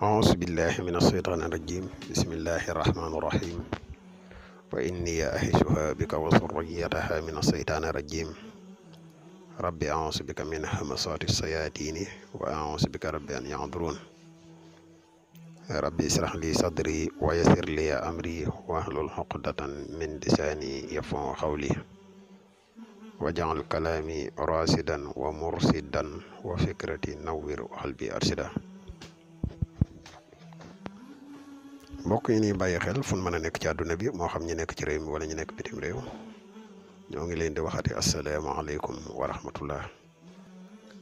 أعوذ بالله من الشيطان الرجيم بسم الله الرحمن الرحيم وإني أحسها بك وصريتها من الشيطان الرجيم ربي أعوذ بك من همسات الشياطين وأعوذ بك رب أن يحضرون ربي اشرح لي صدري ويسر لي أمري واحلل عقدة من لساني يفقهوا قولي واجعل كلامي راشدا ومرشدا وفكرتي نور قلبي أرشدا mbokk yi ni baye xel fu mën nek ci aduna bi mo xam ñi nek ci réew mi wala ñi nek bitim réew ñoo ngi leen di waxati alaykum wa rahmatullah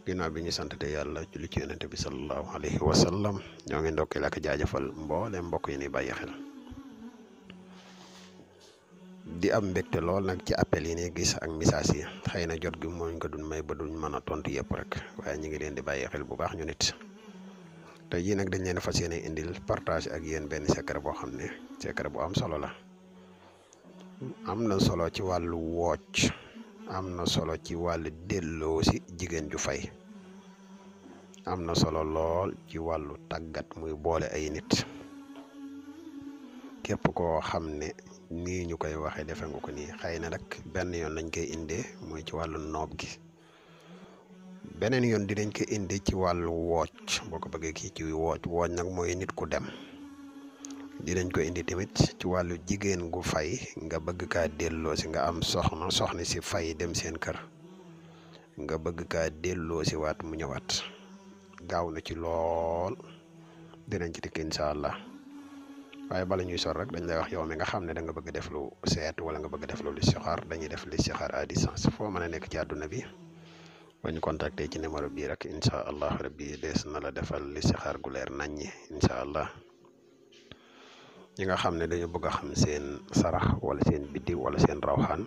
gina bi ñu sant te yàlla julli ci yonente bi sallallahu alayhi wa sallam ñoo ngi la ka jaajeufal mbolé mbokk yi ni baye xel. di am mbekté lool nak ci appel yi ni gis ak message yi xeyna jot gi mooñ ko dun may ba duñ mëna tontu yépp rek waye ñi ngi leen di baye xel bu baax ñu nit. te jii nag dañ leen fas yéene indil partage ak yéen benn secret boo xam ne secret bu am solo la am na solo ci wàllu wocc am na solo ci wàllu delloo jigéen ju fay am na solo lool ci wàllu tàggat muy boole ay nit képp koo xam ne nii ñu koy waxee defee nga ko nii xëy na nag benn yoon lañ koy indee mooy ci wàllu noob gi yon di nañ ko indi ci watch. wooc boko ko ki watch ci wooc wooc nak moy nit ku dem nañ ko indi tamit ci walu jigen gu fay nga bëgg ka delloo si nga am soxna soxna ci fay dem seen kër nga bëgg ka delloo si wat mu ñëwaat gaaw na ci lool nañ ci dikk inshallah waye bala ñuy sor rek dañ lay wax yow mi nga xamne ne da nga bëgg def lu set wala nga bëgg def lu xaar dañuy def xaar a distance fo mëna ci aduna bi ba ñu contacté ci numéro bii rek incha allah rabbi dees na la defal listixaar gu leer naññi incha allah ñi nga xam ne dañu bëgg a xam seen sarax wala seen biddiw wala seen rawxaan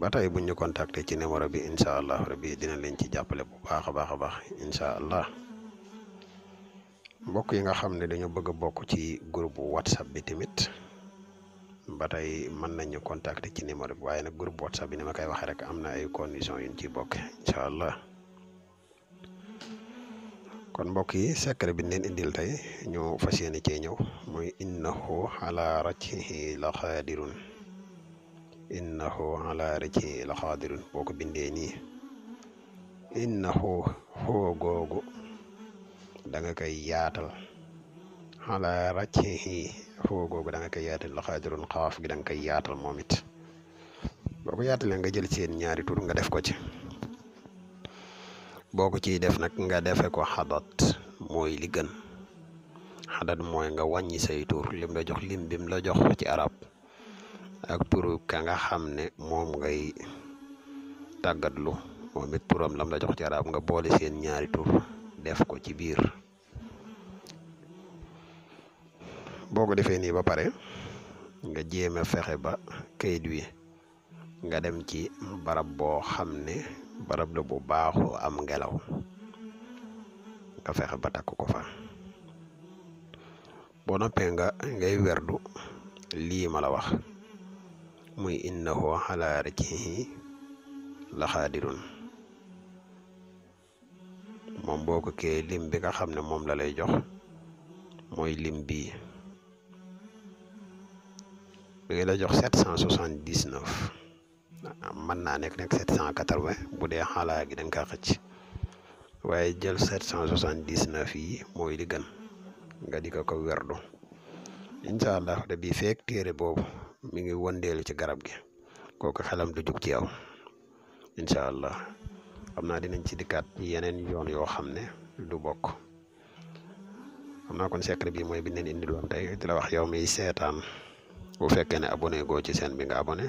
ba tey buñ ñu contacté ci numéro bi incha allah rabbi dina leen ci jàppale bu baax a baax a baax incha allah mbokk yi nga xam ne dañu bëgg a bokk ci groupe whatsapp bi tamit. ba tey mën nañu contacter ci nimo bi waaye nag groupe whatsapp bi ni ma koy waxee rek am na ay conditions yu ñu ciy bokk incha allah kon mbokk yi secret bi leen indil tey ñu fas yéene cee ñëw muy innahu ala rajhi la xaadirun innahu ala rajhi la ko bindee nii innahu xoo googu da nga koy yaatal ala rajhi foo googu da nga koy yaatal la xaadirul xaaf gi da koy yaatal moom it boo ko yaatalee nga jël seen ñaari tur nga def ko ci boo ko ci def nag nga defe ko xadat mooy li gën mooy nga wàññi say tur lim la jox lim bim la jox ci arab ak turu ka nga xam ne moom ngay tàggatlu lu it turam lam la jox ci arab nga boole seen ñaari tur def ko ci biir boo ko defee nii ba pare nga jéem a fexe ba kayit wi nga dem ci barab boo xam ne barab la bu baaxu am ngelaw nga fexe ba takk ko fa boo noppee nga ngay werdu lii ma la wax muy innahu ala rajihi la xaadirun moom boo ko kee lim bi nga xam ne moom la lay jox mooy lim mi ngi lay jox 779 man na nek nek 780 budé xala gi da ka xëc waye jël 779 yi moy li gën nga diko ko werdo inshallah allah da bi fek téré bobu mi ngi wondélu ci garab gi koku xalam du juk ci yow inshallah allah xam naa dinañ ci dikkaat yeneen yoon yo xamné du bok amna kon secret bi moy bi ñu indi doon tey di wax yow mi setan bu fekkee ne abonné goo ci seen bi nga abone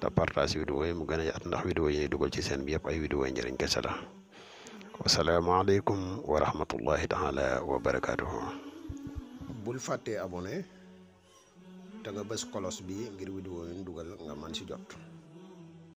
te partage vidéo yi mu gën a yaat ndax vidéo yi ñuy dugal ci seen bi yëpp ay vidéo yi njëriñ kese la wasalaamaaleykum wa rahmatullahi taala wa barakaatuhu bul fàttee abone te nga bës kolos bi ngir vidéo yi ñu dugal nga man ci jot